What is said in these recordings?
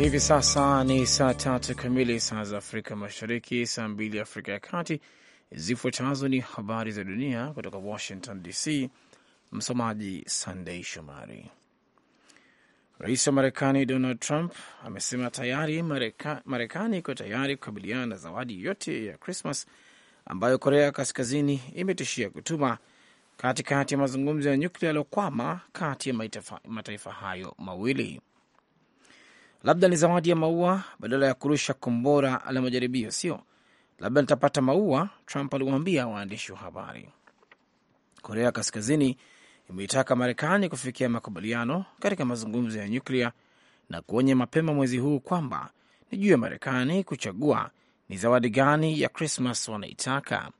Hivi sasa ni saa tatu kamili saa za Afrika Mashariki, saa mbili Afrika ya Kati. Zifuatazo ni habari za dunia kutoka Washington DC. Msomaji Sandei Shomari. Rais wa Marekani Donald Trump amesema tayari Marekani iko tayari kukabiliana na zawadi yote ya Krismas ambayo Korea Kaskazini imetishia kutuma katikati ya mazungumzo ya nyuklia yaliokwama kati ya mataifa hayo mawili. Labda ni zawadi ya maua badala ya kurusha kombora la majaribio, sio? Labda nitapata maua, Trump aliwaambia waandishi wa habari. Korea Kaskazini imeitaka Marekani kufikia makubaliano katika mazungumzo ya nyuklia na kuonya mapema mwezi huu kwamba ni juu ya Marekani kuchagua ni zawadi gani ya Krismas wanaitaka.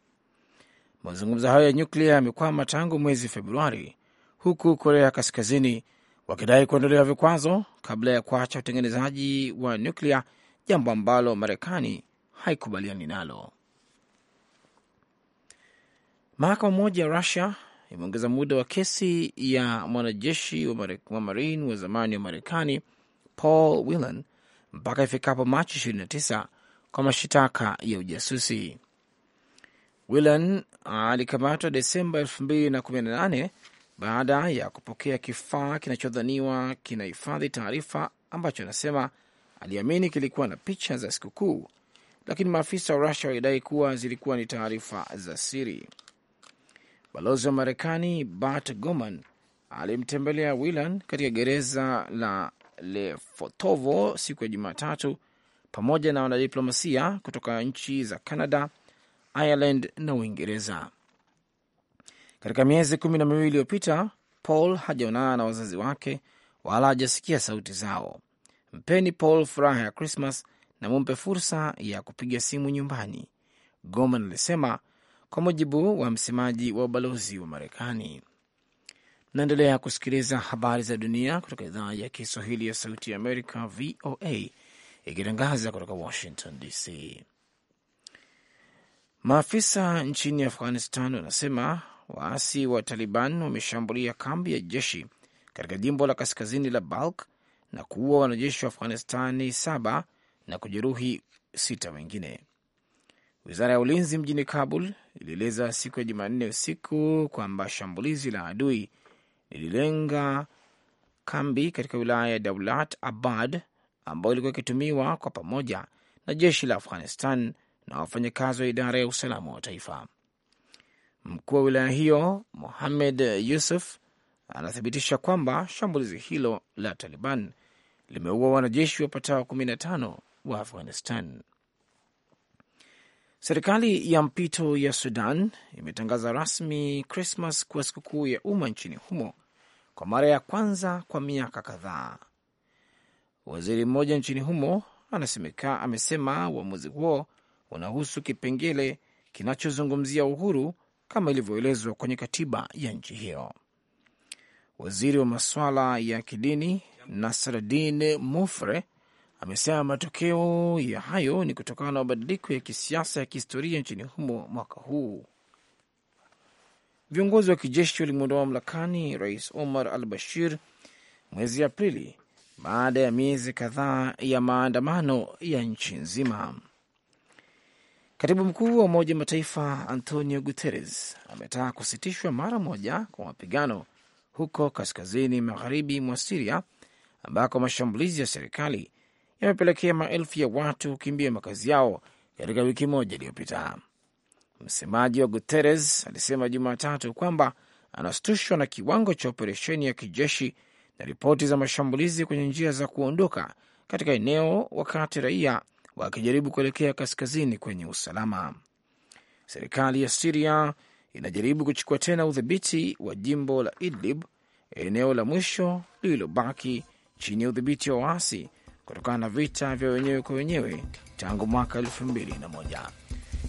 Mazungumzo hayo ya nyuklia yamekwama tangu mwezi Februari, huku Korea Kaskazini wakidai kuondolewa vikwazo kabla ya kuacha utengenezaji wa nyuklia, jambo ambalo Marekani haikubaliani nalo. Mahakama moja ya Rusia imeongeza muda wa kesi ya mwanajeshi wa Marine wa zamani wa Marekani Paul Whelan mpaka ifikapo Machi 29 kwa mashitaka ya ujasusi. Whelan alikamatwa Desemba 2018 baada ya kupokea kifaa kinachodhaniwa kinahifadhi taarifa ambacho anasema aliamini kilikuwa na picha za sikukuu, lakini maafisa wa Rusia walidai kuwa zilikuwa ni taarifa za siri. Balozi wa Marekani Bart Goman alimtembelea Whelan katika gereza la Lefortovo siku ya Jumatatu pamoja na wanadiplomasia kutoka nchi za Canada, Ireland na Uingereza. Katika miezi kumi na miwili iliyopita, Paul hajaonana na wazazi wake wala hajasikia sauti zao. Mpeni Paul furaha ya Krismas na mumpe fursa ya kupiga simu nyumbani, Goman alisema kwa mujibu wa msemaji wa ubalozi wa Marekani. Naendelea kusikiliza habari za dunia kutoka idhaa ya Kiswahili ya Sauti ya Amerika, VOA, ikitangaza kutoka Washington DC. Maafisa nchini Afghanistan wanasema waasi wa Taliban wameshambulia kambi ya jeshi katika jimbo la kaskazini la Balk na kuua wanajeshi wa Afghanistani saba na kujeruhi sita wengine. Wizara ya ulinzi mjini Kabul ilieleza siku ya Jumanne usiku kwamba shambulizi la adui lililenga kambi katika wilaya ya Daulat Abad ambayo ilikuwa ikitumiwa kwa pamoja na jeshi la Afghanistan na wafanyakazi wa idara ya usalama wa taifa. Mkuu wa wilaya hiyo Mohamed Yusuf anathibitisha kwamba shambulizi hilo la Taliban limeua wanajeshi wapatao 15 wa Afghanistan. Serikali ya mpito ya Sudan imetangaza rasmi Krismas kuwa sikukuu ya umma nchini humo kwa mara ya kwanza kwa miaka kadhaa. Waziri mmoja nchini humo anasemeka, amesema uamuzi huo unahusu kipengele kinachozungumzia uhuru kama ilivyoelezwa kwenye katiba ya nchi hiyo. Waziri wa masuala ya kidini nasreddin Mufre amesema matokeo ya hayo ni kutokana na mabadiliko ya kisiasa ya kihistoria nchini humo mwaka huu. Viongozi wa kijeshi walimwondoa mamlakani Rais Omar al Bashir mwezi Aprili baada ya miezi kadhaa ya maandamano ya nchi nzima. Katibu mkuu wa Umoja wa Mataifa Antonio Guterres ametaka kusitishwa mara moja kwa mapigano huko kaskazini magharibi mwa Siria ambako mashambulizi ya serikali yamepelekea maelfu ya watu kukimbia makazi yao katika wiki moja iliyopita. Msemaji wa Guterres alisema Jumatatu kwamba anashtushwa na kiwango cha operesheni ya kijeshi na ripoti za mashambulizi kwenye njia za kuondoka katika eneo, wakati raia wakijaribu kuelekea kaskazini kwenye usalama. Serikali ya Siria inajaribu kuchukua tena udhibiti wa jimbo la Idlib, eneo la mwisho lililobaki chini ya udhibiti wa waasi kutokana na vita vya wenyewe kwa wenyewe tangu mwaka 2001.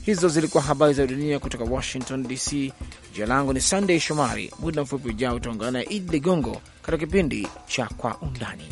Hizo zilikuwa habari za dunia kutoka Washington DC. Jina langu ni Sandey Shomari. Muda mfupi ujao utaungana na Idi Ligongo katika kipindi cha Kwa Undani.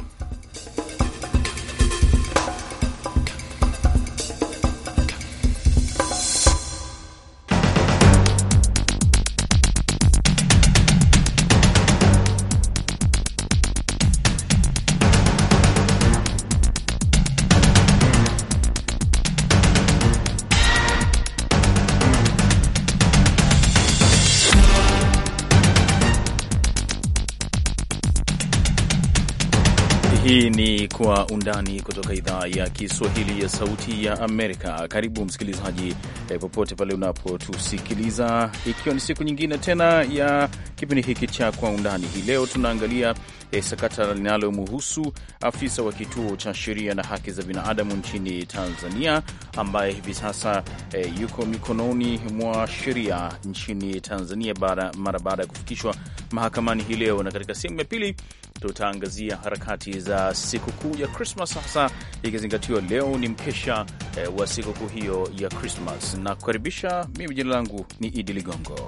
Kwa Undani kutoka idhaa ya Kiswahili ya Sauti ya Amerika. Karibu msikilizaji, eh, popote pale unapotusikiliza, ikiwa ni siku nyingine tena ya kipindi hiki cha Kwa Undani. Hii leo tunaangalia eh, sakata linalomhusu afisa wa kituo cha sheria na haki za binadamu nchini Tanzania ambaye hivi sasa eh, yuko mikononi mwa sheria nchini Tanzania mara baada ya kufikishwa mahakamani hii leo, na katika sehemu ya pili tutaangazia harakati za sikukuu ya Krismas, hasa ikizingatiwa leo ni mkesha eh, wa sikukuu hiyo ya Krismas. Nakukaribisha mimi, jina langu ni Idi Ligongo.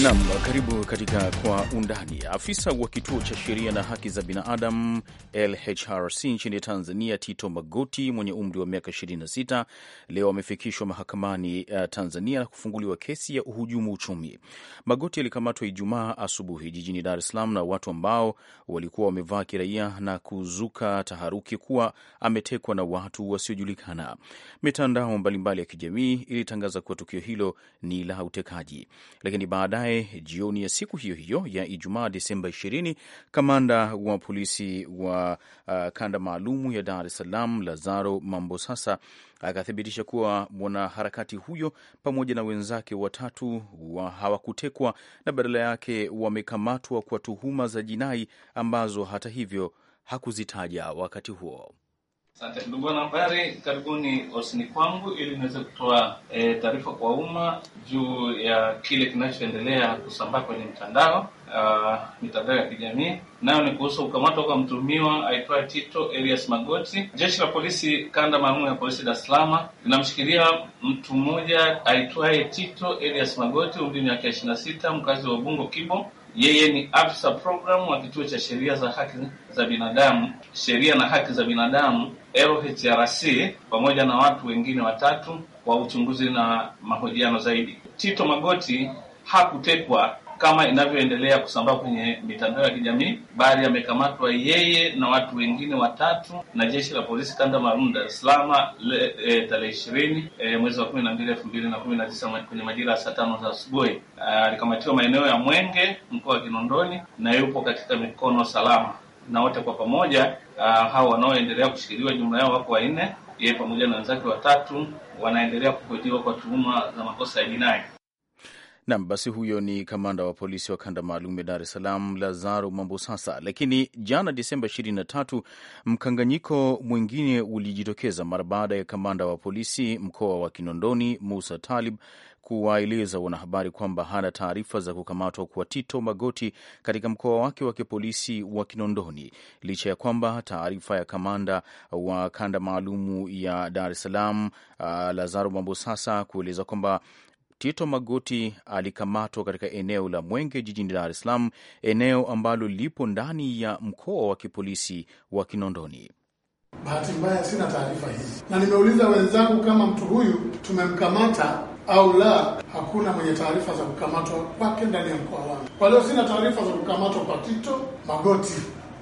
Nam, karibu katika Kwa Undani. Afisa wa kituo cha sheria na haki za binadamu LHRC nchini Tanzania, Tito Magoti mwenye umri wa miaka 26 leo amefikishwa mahakamani uh, Tanzania na kufunguliwa kesi ya uhujumu uchumi. Magoti alikamatwa Ijumaa asubuhi jijini Dar es Salaam na watu ambao walikuwa wamevaa kiraia na kuzuka taharuki kuwa ametekwa na watu wasiojulikana. Mitandao mbalimbali ya kijamii ilitangaza kuwa tukio hilo ni la utekaji, lakini baadaye Baadaye jioni ya siku hiyo hiyo ya Ijumaa, Desemba 20, kamanda wa polisi wa uh, kanda maalumu ya Dar es Salaam Lazaro sasa akathibitisha kuwa mwanaharakati huyo pamoja na wenzake watatu wa hawakutekwa na badala yake wamekamatwa kwa tuhuma za jinai ambazo hata hivyo hakuzitaja wakati huo. Asante ndugu wanahabari, karibuni ofisini kwangu ili niweze kutoa e, taarifa kwa umma juu ya kile kinachoendelea kusambaa kwenye mtandao Uh, mitandao ya kijamii nayo ni kuhusu ukamata kwa mtumiwa aitwaye Tito Elias Magoti. Jeshi la polisi kanda maalum ya polisi Dar es Salaam linamshikilia mtu mmoja aitwaye Tito Elias Magoti umri miaka ishirini na sita mkazi wa Ubungo Kibo yeye ni afisa programu wa kituo cha sheria za haki za binadamu, sheria na haki za binadamu LHRC, pamoja na watu wengine watatu kwa uchunguzi na mahojiano zaidi. Tito Magoti hakutekwa kama inavyoendelea kusambaa kwenye mitandao ya kijamii, bali amekamatwa yeye na watu wengine watatu na jeshi la polisi kanda maalum Dar es Salaam e, tarehe ishirini e, mwezi wa kumi na mbili elfu mbili na kumi na tisa kwenye majira ya saa tano za asubuhi. Alikamatiwa maeneo ya Mwenge mkoa wa Kinondoni na yupo katika mikono salama. Na wote kwa pamoja hao wanaoendelea kushikiliwa jumla yao wako wanne, yeye pamoja na wenzake watatu wanaendelea kuhojiwa kwa tuhuma za makosa ya jinai. Nam, basi huyo ni kamanda wa polisi wa kanda maalum ya Dar es Salaam, Lazaro Mambosasa. Lakini jana Disemba 23, mkanganyiko mwingine ulijitokeza mara baada ya kamanda wa polisi mkoa wa Kinondoni, Musa Talib, kuwaeleza wanahabari kwamba hana taarifa za kukamatwa kwa Tito Magoti katika mkoa wake wa kipolisi wa Kinondoni, licha ya kwamba taarifa ya kamanda wa kanda maalumu ya Dar es Salaam, uh, Lazaro Mambosasa kueleza kwamba Tito Magoti alikamatwa katika eneo la Mwenge jijini Dar es Salaam, eneo ambalo lipo ndani ya mkoa wa kipolisi wa Kinondoni. Bahati mbaya sina taarifa hizi, na nimeuliza wenzangu kama mtu huyu tumemkamata au la. Hakuna mwenye taarifa za kukamatwa kwake ndani ya mkoa wangu. Kwa leo sina taarifa za kukamatwa kwa Tito Magoti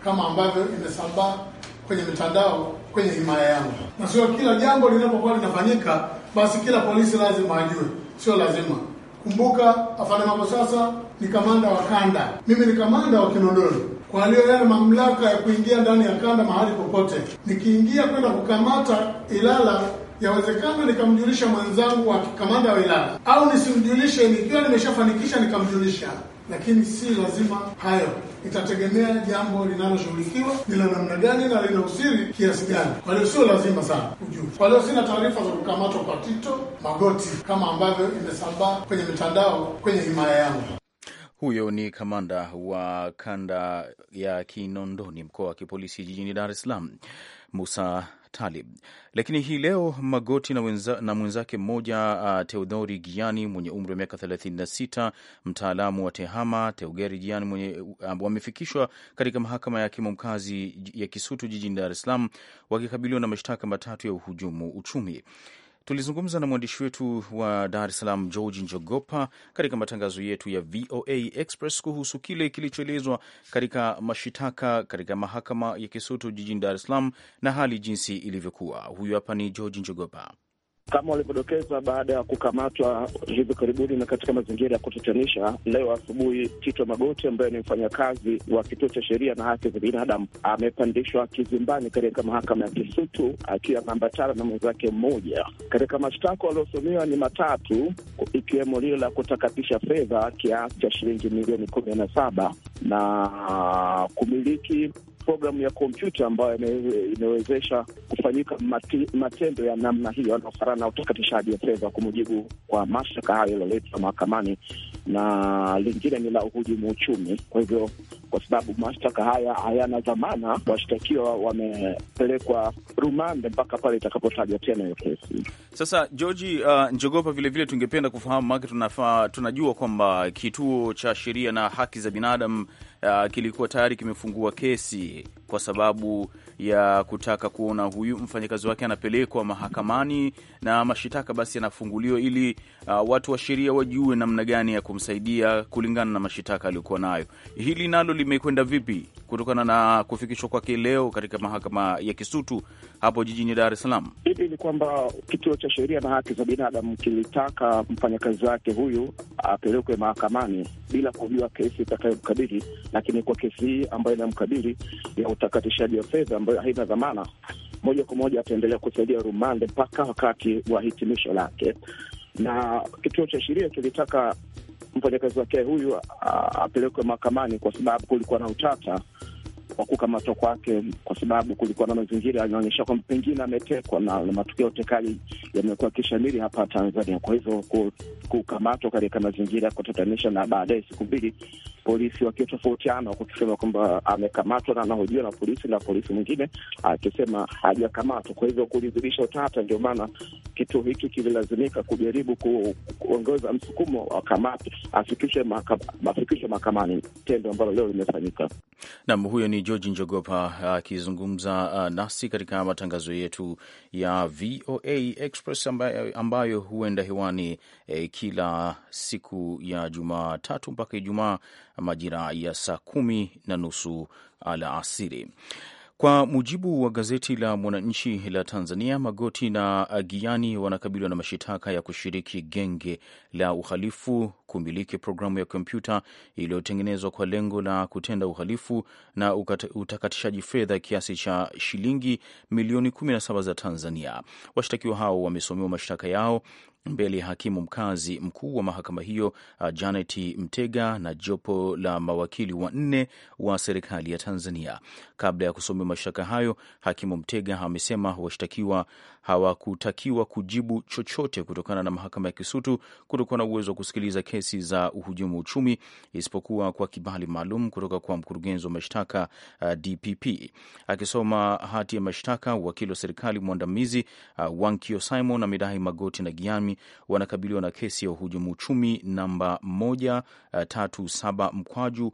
kama ambavyo imesambaa kwenye mitandao, kwenye himaya yangu, na sio kila jambo linapokuwa linafanyika basi kila polisi lazima ajue sio lazima. Kumbuka, afande sasa ni kamanda wa kanda, mimi ni kamanda wa Kinondoni. Kwa hiyo yale mamlaka ya kuingia ndani ya kanda mahali popote. Nikiingia kwenda kukamata Ilala, yawezekana nikamjulisha mwenzangu wa kamanda wa Ilala, au nisimjulishe, nikiwa nimeshafanikisha nikamjulisha lakini si lazima hayo. Itategemea jambo linaloshughulikiwa ni la namna gani na lina usiri kiasi gani. Kwa hiyo sio lazima sana kujua. Kwa hiyo sina taarifa za kukamatwa kwa Tito Magoti kama ambavyo imesambaa kwenye mitandao kwenye himaya yangu. Huyo ni kamanda wa kanda ya Kinondoni, mkoa wa kipolisi jijini Dar es Salaam, Musa Talib. Lakini hii leo Magoti na, wenza, na mwenzake mmoja uh, Teodori Giani mwenye umri wa miaka 36 mtaalamu wa tehama Teugeri Giani mwenye uh, wamefikishwa katika mahakama ya hakimu mkazi ya Kisutu jijini Dar es Salaam wakikabiliwa na mashtaka matatu ya uhujumu uchumi. Tulizungumza na mwandishi wetu wa Dar es Salaam George Njogopa katika matangazo yetu ya VOA Express kuhusu kile kilichoelezwa katika mashitaka katika mahakama ya Kisutu jijini Dar es Salaam na hali jinsi ilivyokuwa. Huyu hapa ni George Njogopa kama walivyodokeza baada ya kukamatwa hivi karibuni na katika mazingira ya kutatanisha, leo asubuhi Tito Magoti ambaye ni mfanyakazi wa kituo cha sheria na haki za binadamu amepandishwa kizimbani katika mahakama ya Kisutu akiwa ameambatana na mwenzake mmoja. Katika mashtaka waliosomewa ni matatu, ikiwemo lile la kutakatisha fedha kiasi cha shilingi milioni kumi na saba na kumiliki programu ya kompyuta ambayo imewezesha kufanyika mati, matendo ya namna hiyo yanayofanana na utakatishaji wa fedha, kwa mujibu kwa mashtaka hayo yaliyoletwa mahakamani, na lingine ni la uhujumu uchumi. Kwa hivyo, kwa sababu mashtaka haya hayana dhamana, washtakiwa wamepelekwa rumande mpaka pale itakapotajwa tena hiyo kesi. Sasa George uh, Njogopa, vilevile tungependa kufahamu make tunajua kwamba kituo cha sheria na haki za binadamu Ah, kilikuwa tayari kimefungua kesi kwa sababu ya kutaka kuona huyu mfanyakazi wake anapelekwa mahakamani na mashitaka basi yanafunguliwa, ili uh, watu wa sheria wajue namna gani ya kumsaidia kulingana na mashitaka aliyokuwa nayo. Hili nalo limekwenda vipi kutokana na kufikishwa kwake leo katika mahakama ya Kisutu hapo jijini Dar es Salaam? Hili ni kwamba kituo cha sheria na haki za binadamu kilitaka mfanyakazi wake huyu apelekwe mahakamani bila kujua kesi itakayomkabili, lakini kwa kesi hii ambayo inamkabili ya utakatishaji wa fedha ambayo haina dhamana, moja kwa moja ataendelea kusaidia rumande mpaka wakati wa hitimisho lake. Na kituo cha sheria kilitaka mfanyakazi wake huyu apelekwe mahakamani kwa sababu kulikuwa na utata wa kukamatwa kwake, kwa sababu kulikuwa na mazingira yanaonyesha kwamba pengine ametekwa, na matukio ya utekaji yamekuwa kishamiri hapa Tanzania. Kwa hivyo kukamatwa katika mazingira ya kutatanisha na baadaye siku mbili polisi wakitofautiana, wakisema kwamba amekamatwa na anahojiwa na polisi na polisi mwingine akisema hajakamatwa. Kwa hivyo kulizidisha utata, ndio maana kituo hiki kililazimika kujaribu kuongeza msukumo wakamate afikishwe mahakamani, tendo ambalo leo limefanyika. Nam, huyo ni George Njogopa akizungumza uh, nasi katika matangazo yetu ya VOA Express ambayo, ambayo huenda hewani e, kila siku ya Jumatatu mpaka Ijumaa majira ya saa kumi na nusu alasiri. Kwa mujibu wa gazeti la Mwananchi la Tanzania, Magoti na giani wanakabiliwa na mashitaka ya kushiriki genge la uhalifu kumiliki programu ya kompyuta iliyotengenezwa kwa lengo la kutenda uhalifu na utakatishaji fedha kiasi cha shilingi milioni 17 za Tanzania. Washtakiwa hao wamesomewa mashtaka yao mbele ya hakimu mkazi mkuu wa mahakama hiyo uh, Janet Mtega na jopo la mawakili wanne wa serikali ya Tanzania. Kabla ya kusomewa mashtaka hayo, hakimu Mtega amesema washtakiwa hawakutakiwa kujibu chochote kutokana na mahakama ya Kisutu kutokuwa na uwezo wa kusikiliza kesi kesi za uhujumu uchumi isipokuwa kwa kibali maalum kutoka kwa mkurugenzi wa mashtaka uh, DPP. Akisoma hati ya mashtaka, wakili wa serikali mwandamizi uh, Wankio Simon Midahi Magoti na Giami wanakabiliwa na kesi ya uhujumu uchumi namba 137 uh, mkwaju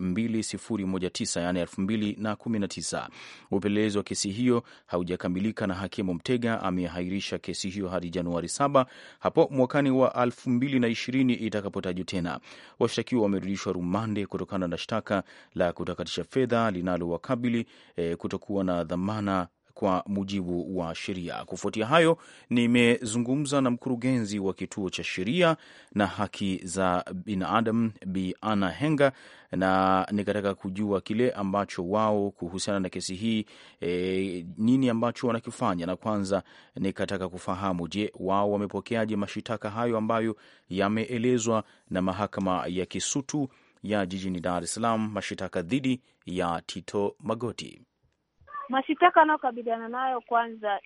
2019, yani 2019. Upelelezi wa kesi hiyo haujakamilika na hakimu Mtega ameahirisha kesi hiyo hadi Januari 7 hapo mwakani wa 2020 itakapotajwa tena. Washtakiwa wamerudishwa rumande kutokana na shtaka la kutakatisha fedha linalowakabili e, kutokuwa na dhamana kwa mujibu wa sheria. Kufuatia hayo, nimezungumza na mkurugenzi wa kituo cha sheria na haki za binadamu Bi Ana Henga na nikataka kujua kile ambacho wao kuhusiana na kesi hii e, nini ambacho wanakifanya, na kwanza nikataka kufahamu, je, wao wamepokeaje mashitaka hayo ambayo yameelezwa na mahakama ya Kisutu ya jijini Dar es Salaam, mashitaka dhidi ya Tito Magoti. Mashitaka anayokabiliana nayo kwanza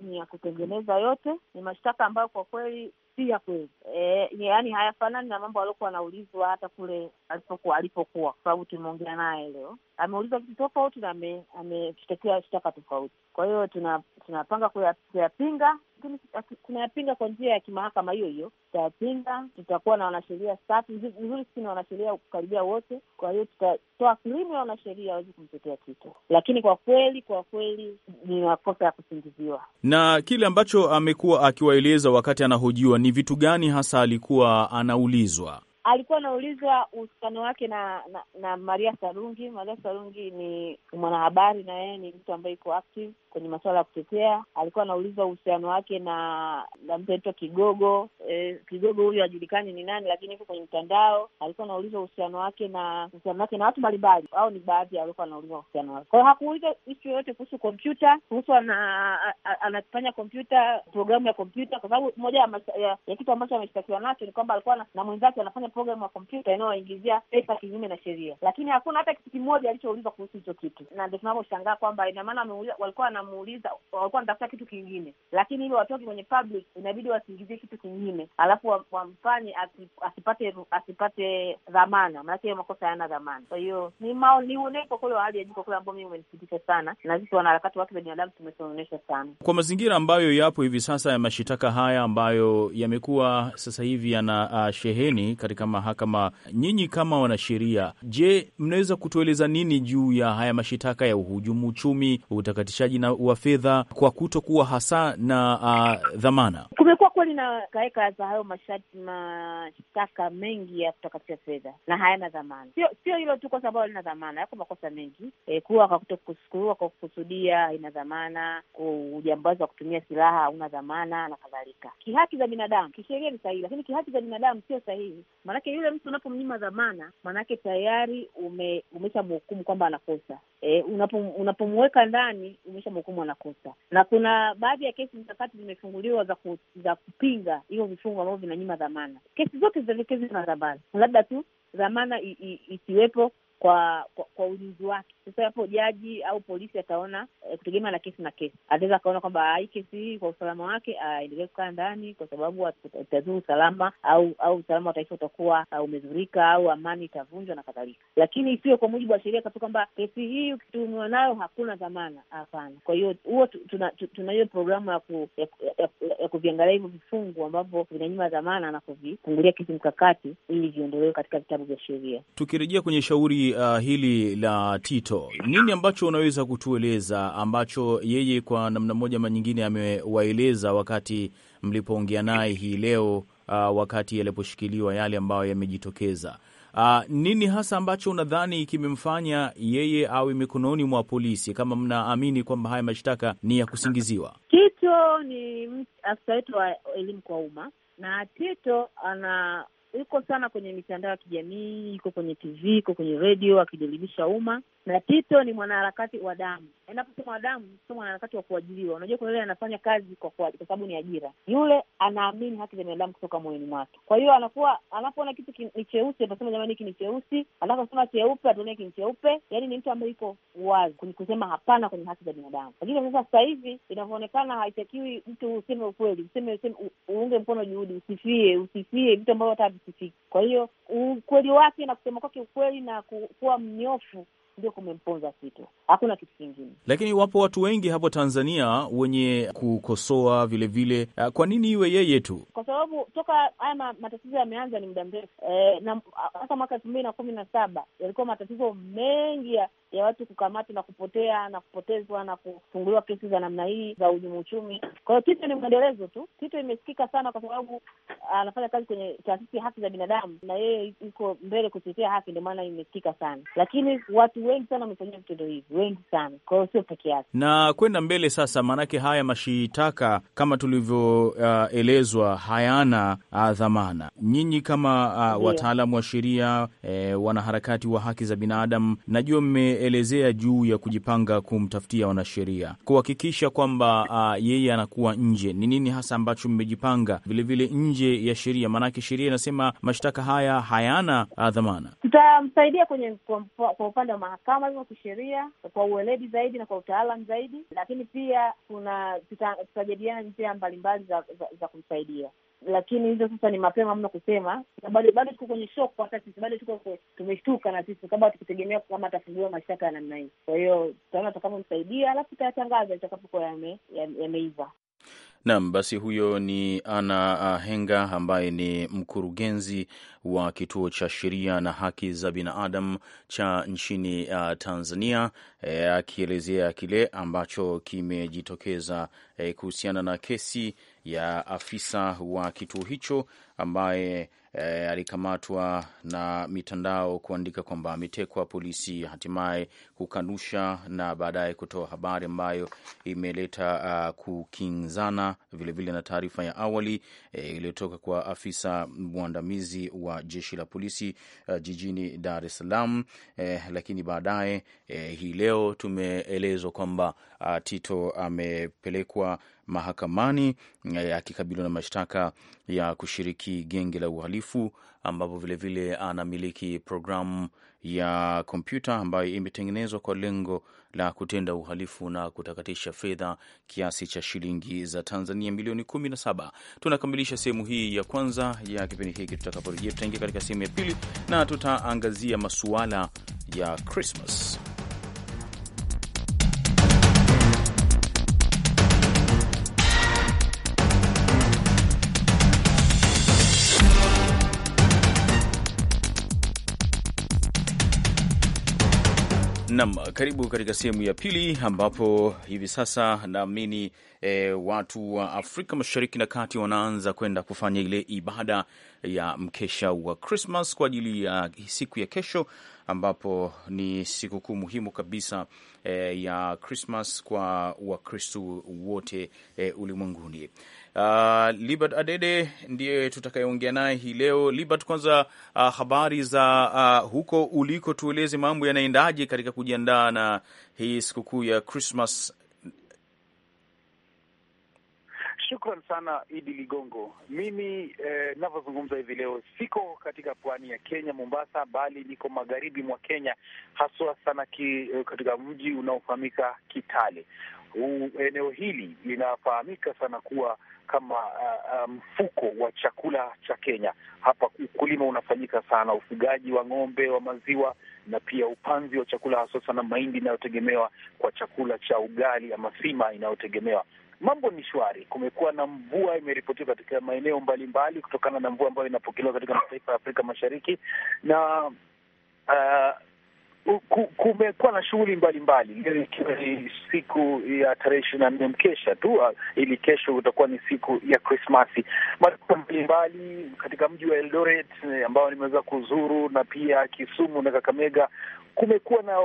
ni ya kutengeneza yote, ni mashtaka ambayo kwa kweli si ya kweli e, yaani hayafanani na mambo aliokuwa anaulizwa hata kule alipokuwa alipokuwa, kwa sababu tumeongea naye leo, ameulizwa kitu tofauti na ameshtakiwa shtaka tofauti. Kwa hiyo tunapanga tuna kuyapinga tunayapinga kwa njia ya kimahakama hiyo hiyo. Tutayapinga, tutakuwa na wanasheria safi vizuri. Sisi ni wanasheria kukaribia wote, kwa hiyo tutatoa krimu ya wanasheria waweze kumtetea Tito, lakini kwa kweli, kwa kweli ni makosa ya kusingiziwa. Na kile ambacho amekuwa akiwaeleza wakati anahojiwa, ni vitu gani hasa alikuwa anaulizwa? alikuwa anaulizwa uhusiano wake na, na na Maria Sarungi. Maria Sarungi ni mwanahabari na yeye ni mtu ambaye iko active kwenye masuala ya kutetea. Alikuwa anaulizwa uhusiano wake na na mtu anaitwa Kigogo. E, Kigogo huyo hajulikani ni nani, lakini iko kwenye mtandao. Alikuwa anaulizwa uhusiano wake na uhusiano wake na watu mbalimbali, au ni baadhi alikuwa anaulizwa uhusiano wake. Kwa hiyo hakuulizwa ishu yoyote kuhusu kompyuta, kuhusu anafanya kompyuta, programu ya kompyuta, kwa sababu moja ya, ya kitu ambacho ameshtakiwa nacho ni kwamba alikuwa na, na mwenzake anafanya programu ya kompyuta inayoingizia pesa kinyume na sheria, lakini hakuna hata kitu kimoja alichoulizwa kuhusu hicho kitu, na ndio tunavyoshangaa kwamba ina maana walikuwa wanamuuliza, walikuwa wanatafuta kitu kingine, lakini ili watoke kwenye public inabidi wasiingizie kitu kingine, alafu wamfanye asipate asipate dhamana, maanake makosa hayana dhamana. Kwa hiyo ni mao, kule wa hali ya jiko kule ambao mimi umenisikitisha sana, na sisi wanaharakati wa haki za binadamu tumesononeshwa sana kwa mazingira ambayo yapo hivi sasa ya mashitaka haya ambayo yamekuwa sasa hivi yana uh, sheheni katika katika mahakama. Nyinyi kama wanasheria, je, mnaweza kutueleza nini juu ya haya mashitaka ya uhujumu uchumi, utakatishaji na wa fedha kwa kutokuwa hasa na uh, dhamana? Kumekuwa kweli na kaeka za hayo mashtaka mengi ya kutakatisha fedha na hayana dhamana. Sio sio hilo tu, kwa sababu halina dhamana, yako makosa mengi e, kuwa kwa kukusudia ina dhamana, ujambazi wa kutumia silaha una dhamana na kadhalika. Kihaki za binadamu kisheria ni sahihi, lakini kihaki za binadamu sio sahihi. Maanake yule mtu unapomnyima dhamana, maanake tayari ume, mhukumu kwamba anakosa e, unapomweka ndani umesha mhukumu anakosa. Na kuna baadhi ya kesi mkakati zimefunguliwa za, ku, za kupinga hiyo vifungu ambavyo vinanyima dhamana. Kesi zote zaekezi na dhamana, labda tu dhamana isiwepo kwa, kwa kwa ulinzi wake. Sasa hapo jaji au polisi ataona, eh, kutegemea na kesi na kesi, ataweza akaona kwamba ah, hii kesi hii kwa usalama wake ah, aendelee kukaa ndani kwa sababu itazuru usalama au au usalama wa taifa utakuwa ah, umezurika au amani itavunjwa na kadhalika, lakini isiwe kwa mujibu wa sheria katu kwamba kesi hii ukituhumiwa nayo hakuna dhamana. Hapana. Kwa hiyo huo tuna hiyo programu ya, ku, ya, ya, ya, ya kuviangalia hivyo vifungu ambavyo vinanyima dhamana na kuvifungulia kesi mkakati ili viondolewe katika vitabu vya sheria. Tukirejea kwenye shauri uh, hili la Tito, nini ambacho unaweza kutueleza ambacho yeye kwa namna moja ama nyingine amewaeleza wakati mlipoongea naye hii leo, uh, wakati yaliposhikiliwa yale ambayo yamejitokeza? Uh, nini hasa ambacho unadhani kimemfanya yeye awe mikononi mwa polisi, kama mnaamini kwamba haya mashtaka ni ya kusingiziwa? Tito ni afisa wetu wa elimu kwa umma na Tito ana yuko sana kwenye mitandao ya kijamii, iko kwenye TV, iko kwenye redio, akijielimisha umma na Tito ni mwanaharakati wa damu. Anaposema wa damu, sio mwanaharakati wa kuajiriwa. Unajua, kuna yule anafanya kazi kwa kwa sababu ni ajira, yule anaamini haki za binadamu kutoka moyoni mwake. Kwa hiyo anakuwa anapoona kitu ki, ni cheusi atasema jamani, hiki ni cheusi, alafu cheupe ataona hiki ni cheupe. Yani ni mtu ambaye iko wazi kusema hapana kwenye haki za binadamu. Lakini sasa, sasa hivi inavyoonekana, haitakiwi mtu useme ukweli, useme useme, uunge mkono juhudi, usifie usifie vitu ambavyo hata havisifiki. Kwa hiyo ukweli wake na kusema kwake ukweli na kuwa mnyofu ndio kumemponza kitu, hakuna kitu kingine. Lakini wapo watu wengi hapo Tanzania wenye kukosoa vilevile vile. Ah, kwa nini iwe yeye tu? Kwa sababu toka haya matatizo yameanza ni muda mrefu e, na hasa mwaka elfu mbili na kumi na saba yalikuwa matatizo mengi ya ya watu kukamatwa na kupotea na kupotezwa na kufunguliwa kesi za namna hii za uhujumu uchumi. Kwa hiyo Tito ni mwendelezo tu. Tito imesikika sana kwa sababu ah, anafanya kazi kwenye taasisi ya haki za binadamu na yeye yuko mbele kutetea haki, ndio maana imesikika sana, lakini watu wengi sana wamefanyia vitendo hivi, wengi sana. Kwa hiyo sio peke yake. Na kwenda mbele sasa, maanake haya mashitaka kama tulivyoelezwa, ah, uh, hayana uh, dhamana. Nyinyi kama uh, wataalamu wa sheria eh, wanaharakati wa haki za binadamu, najua mme ameelezea juu ya kujipanga kumtafutia wanasheria kuhakikisha kwamba uh, yeye anakuwa nje, ni nini hasa ambacho mmejipanga vilevile nje ya sheria? Maanake sheria inasema mashtaka haya hayana uh, dhamana. Tutamsaidia kwenye kwa upande wa mahakama hivyo kisheria, kwa ueledi zaidi na kwa utaalam zaidi, lakini pia kuna tutajadiliana njia mbalimbali za, za, za kumsaidia lakini hizo sasa ni mapema mno kusema, bado bado tuko kwenye shock, hata sisi bado tuko tumeshtuka na sisi, kama tukitegemea kama atafunguliwa mashtaka ya namna hii. Kwa hiyo tutaona tutakavyomsaidia, alafu tayatangaza itakapokuwa yameiva nam Naam, basi huyo ni Ana uh, Henga ambaye ni mkurugenzi wa kituo cha sheria na haki za binadamu cha nchini uh, Tanzania eh, akielezea e, kile ambacho kimejitokeza e, kuhusiana na kesi ya afisa wa kituo hicho ambaye E, alikamatwa na mitandao kuandika kwamba ametekwa polisi, hatimaye kukanusha na baadaye kutoa habari ambayo imeleta uh, kukinzana vilevile na taarifa ya awali e, iliyotoka kwa afisa mwandamizi wa jeshi la polisi uh, jijini Dar es Salaam e, lakini baadaye e, hii leo tumeelezwa kwamba uh, Tito amepelekwa mahakamani eh, akikabiliwa na mashtaka ya kushiriki genge la uhalifu, ambapo vilevile anamiliki programu ya kompyuta ambayo imetengenezwa kwa lengo la kutenda uhalifu na kutakatisha fedha kiasi cha shilingi za Tanzania milioni 17. Tunakamilisha sehemu hii ya kwanza ya kipindi hiki. Tutakaporejea, tutaingia katika sehemu ya pili na tutaangazia masuala ya Krismas. Nam, karibu katika sehemu ya pili ambapo hivi sasa naamini e, watu wa Afrika Mashariki na Kati wanaanza kwenda kufanya ile ibada ya mkesha wa Krismas kwa ajili ya siku ya kesho ambapo ni sikukuu muhimu kabisa e, ya Krismas kwa Wakristu wote e, ulimwenguni. Uh, Libert Adede ndiye tutakayeongea naye hii leo. Libert, kwanza uh, habari za uh, huko uliko, tueleze mambo yanaendaje katika kujiandaa na hii sikukuu ya Krismas Shukran sana Idi Ligongo. Mimi eh, navyozungumza hivi leo siko katika pwani ya Kenya, Mombasa, bali niko magharibi mwa Kenya, haswa sana ki, eh, katika mji unaofahamika Kitale. U, eneo hili linafahamika sana kuwa kama uh, mfuko um, wa chakula cha Kenya. Hapa ukulima unafanyika sana, ufugaji wa ng'ombe wa maziwa na pia upanzi wa chakula haswa sana mahindi inayotegemewa kwa chakula cha ugali ama sima inayotegemewa mambo ni shwari. Kumekuwa na mvua imeripotiwa katika maeneo mbalimbali kutokana na mvua ambayo inapokelewa katika mataifa ya Afrika Mashariki na uh, kumekuwa na shughuli mbalimbali, leo ikiwa ni siku ya tarehe ishirini na nne mkesha tu, uh, ili kesho utakuwa ni siku ya Krismasi. Maduka mbalimbali katika mji wa Eldoret eh, ambao nimeweza kuzuru na pia Kisumu na Kakamega kumekuwa na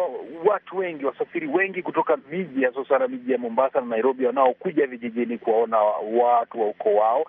watu wengi, wasafiri wengi kutoka miji, hasa sana miji ya Mombasa na Nairobi, wanaokuja vijijini kuwaona watu wa ukoo wao,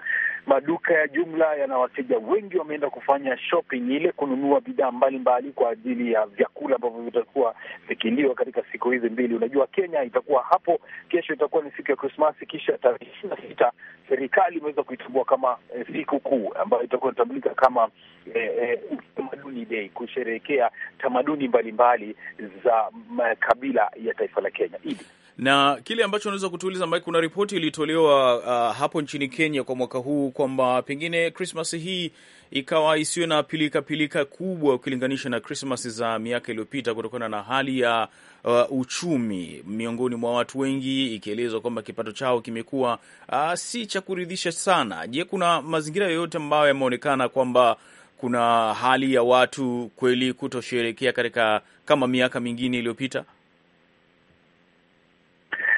maduka ya jumla yana wateja wengi, wameenda kufanya shopping ile, kununua bidhaa mbalimbali kwa ajili ya vyakula ambavyo vitakuwa vikiliwa katika siku hizi mbili. Unajua, Kenya itakuwa hapo kesho, itakuwa ni siku ya Krismasi, kisha tarehe ishirini na sita serikali imeweza kuitambua kama eh, siku kuu ambayo itakuwa inatambulika kama eh, eh, utamaduni dei, kusherehekea tamaduni mbalimbali mbali za mm, kabila ya taifa la Kenya ili na kile ambacho unaweza kutuuliza Mike, kuna ripoti ilitolewa uh, hapo nchini Kenya kwa mwaka huu kwamba pengine Krismas hii ikawa isiwe na pilika pilika kubwa ukilinganisha na Krismas za miaka iliyopita kutokana na hali ya uh, uchumi miongoni mwa watu wengi, ikielezwa kwamba kipato chao kimekuwa uh, si cha kuridhisha sana. Je, kuna mazingira yoyote ambayo yameonekana kwamba kuna hali ya watu kweli kutosherekea katika kama miaka mingine iliyopita?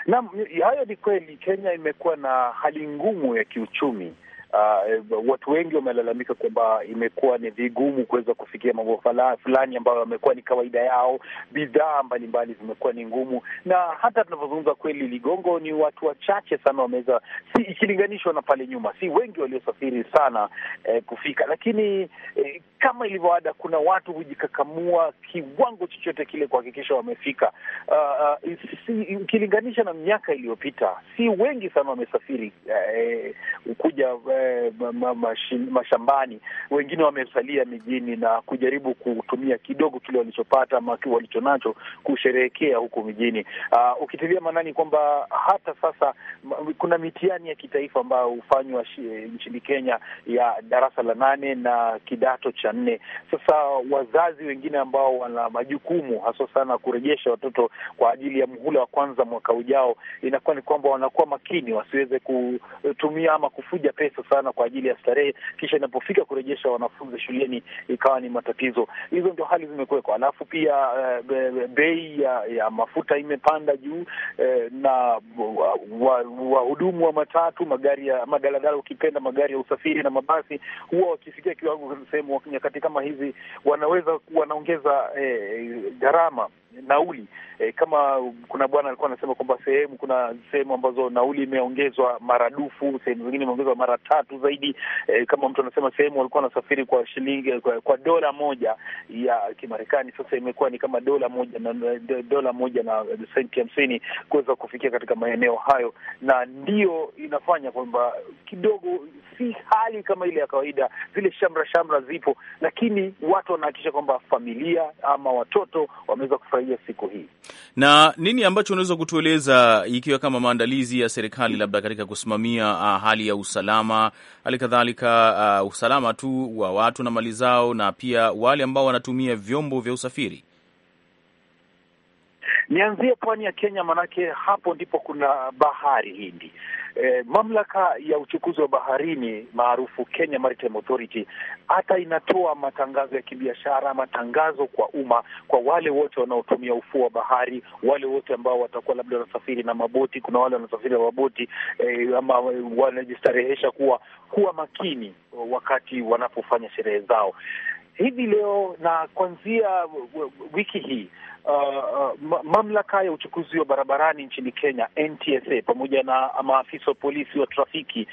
Naam, hayo ni kweli. Kenya imekuwa na hali ngumu ya kiuchumi Uh, watu wengi wamelalamika kwamba imekuwa ni vigumu kuweza kufikia mambo fulani ambayo yamekuwa ni kawaida yao. Bidhaa mbalimbali zimekuwa ni ngumu, na hata tunavyozungumza kweli, Ligongo, ni watu wachache sana wameweza, si ikilinganishwa na pale nyuma, si wengi waliosafiri sana eh, kufika, lakini eh, kama ilivyoada, kuna watu hujikakamua kiwango chochote kile kuhakikisha wamefika. Uh, uh, si, ukilinganisha na miaka iliyopita, si wengi sana wamesafiri eh, kuja eh, eh, mashambani, wengine wamesalia mijini na kujaribu kutumia kidogo kile walichopata ama walichonacho kusherehekea huko mijini. Uh, ukitilia maanani kwamba hata sasa kuna mitihani ya kitaifa ambayo hufanywa nchini Kenya ya darasa la nane na kidato cha nne. Sasa wazazi wengine ambao wana majukumu haswa sana kurejesha watoto kwa ajili ya mhula wa kwanza mwaka ujao, inakuwa ni kwamba wanakuwa makini wasiweze kutumia ama kufuja pesa sana sana kwa ajili ya starehe, kisha inapofika kurejesha wanafunzi shuleni ikawa ni matatizo. Hizo ndio hali zimekuwekwa. Alafu pia uh, bei ya, ya mafuta imepanda juu uh, na wahudumu wa, wa, wa matatu, magari ya madaladala, ukipenda magari ya usafiri na mabasi, huwa wakifikia kiwango sehemu nyakati kama hizi wanaweza wanaongeza eh, gharama nauli e, kama kuna bwana alikuwa anasema kwamba sehemu kuna sehemu ambazo nauli imeongezwa maradufu, sehemu zingine imeongezwa mara tatu zaidi. E, kama mtu anasema sehemu walikuwa wanasafiri kwa shilingi kwa, kwa dola moja ya Kimarekani, sasa imekuwa ni kama dola moja na dola moja na senti hamsini kuweza kufikia katika maeneo hayo, na ndiyo inafanya kwamba kidogo si hali kama ile ya kawaida. Zile shamra shamra zipo, lakini watu wanahakikisha kwamba familia ama watoto wameweza kufurahia siku hii. Na nini ambacho unaweza kutueleza ikiwa kama maandalizi ya serikali labda katika kusimamia uh, hali ya usalama, hali kadhalika uh, usalama tu wa watu na mali zao, na pia wale ambao wanatumia vyombo vya usafiri? Nianzie pwani ya Kenya, manake hapo ndipo kuna bahari Hindi eh, mamlaka ya uchukuzi wa baharini maarufu Kenya Maritime Authority hata inatoa matangazo ya kibiashara, matangazo kwa umma, kwa wale wote wanaotumia ufuo wa bahari, wale wote ambao watakuwa labda wanasafiri na maboti. Kuna wale wanasafiri na maboti eh, ama wanajistarehesha, kuwa kuwa makini wakati wanapofanya sherehe zao hivi leo na kuanzia wiki hii uh, uh, mamlaka ya uchukuzi wa barabarani nchini Kenya NTSA pamoja na maafisa wa polisi wa trafiki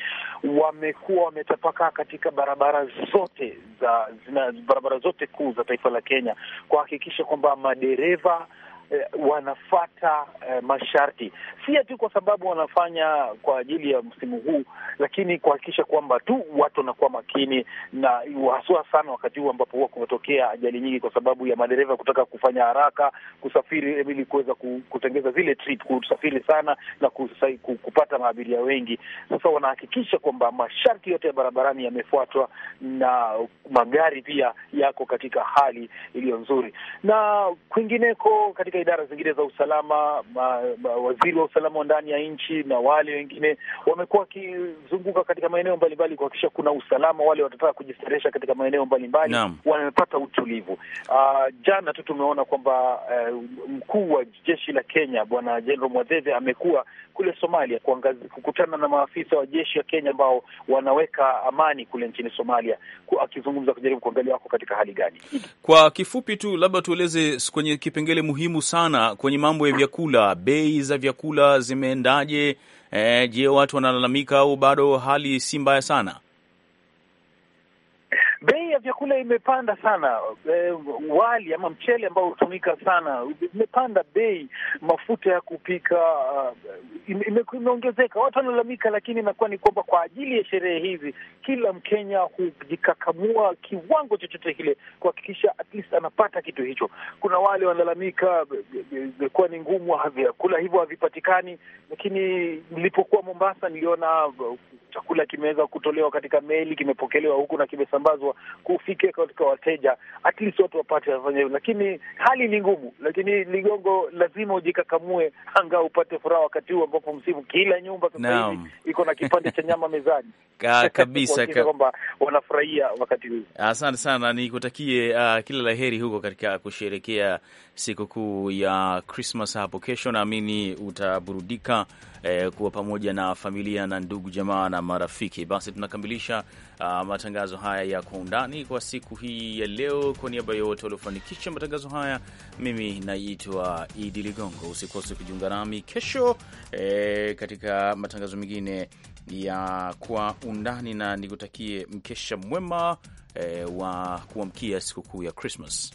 wamekuwa wametapakaa katika barabara zote za zina, barabara zote kuu za taifa la Kenya kuhakikisha kwamba madereva eh, wanafata eh, masharti, si tu kwa sababu wanafanya kwa ajili ya msimu huu, lakini kuhakikisha kwamba tu watu wanakuwa makini na haswa sana wakati huu ambapo huwa kumetokea ajali nyingi kwa sababu ya madereva kutaka kufanya haraka kusafiri ili kuweza kutengeza zile trip, kusafiri sana na kusai, kupata maabiria wengi. Sasa wanahakikisha kwamba masharti yote ya barabarani yamefuatwa na magari pia yako katika hali iliyo nzuri na kwingineko katika katika idara zingine za usalama ma, ma, waziri wa usalama wa ndani ya nchi na wale wengine wamekuwa wakizunguka katika maeneo mbalimbali kuhakikisha kuna usalama. Wale watataka kujistarehesha katika maeneo mbalimbali wamepata utulivu. Uh, jana tu tumeona kwamba uh, mkuu wa jeshi la Kenya Bwana Jenerali Mwadheve amekuwa kule Somalia kuangazi, kukutana na maafisa wa jeshi ya Kenya ambao wanaweka amani kule nchini Somalia, akizungumza kujaribu kuangalia wako katika hali gani. Kwa kifupi tu, labda tueleze kwenye kipengele muhimu sana kwenye mambo ya vyakula, bei za vyakula zimeendaje? Eh, je, watu wanalalamika au bado hali si mbaya sana? ya vyakula imepanda sana. E, wali ama mchele ambao hutumika sana imepanda bei, mafuta ya kupika eh, imeongezeka. Watu wanalalamika, lakini imekuwa ni kwamba kwa ajili ya sherehe hizi kila Mkenya hujikakamua kiwango chochote kile kuhakikisha at least anapata kitu hicho. Kuna wale wanalalamika imekuwa ni ngumu, vyakula hivyo havipatikani, lakini nilipokuwa Mombasa niliona eh, chakula kimeweza kutolewa katika meli, kimepokelewa huku na kimesambazwa kufikia katika wateja, at least watu wapate wafanya hivyo, lakini hali ni ngumu. Lakini Ligongo, lazima ujikakamue anga upate furaha wakati huu ambapo msimu, kila nyumba sasa hivi iko na kipande cha nyama mezani Ka, kabisa kwamba wanafurahia wakati huu. Asante sana, nikutakie uh, kila la heri huko katika kusherekea sikukuu ya Christmas hapo kesho. Naamini utaburudika eh, kuwa pamoja na familia na ndugu jamaa na marafiki. Basi tunakamilisha uh, matangazo haya ya kwa undani Undani kwa siku hii ya leo. Kwa niaba ya wote waliofanikisha matangazo haya, mimi naitwa Idi Ligongo. Usikose kujiunga nami kesho e, katika matangazo mengine ya Kwa Undani, na nikutakie mkesha mwema e, wa kuamkia sikukuu ya Krismas.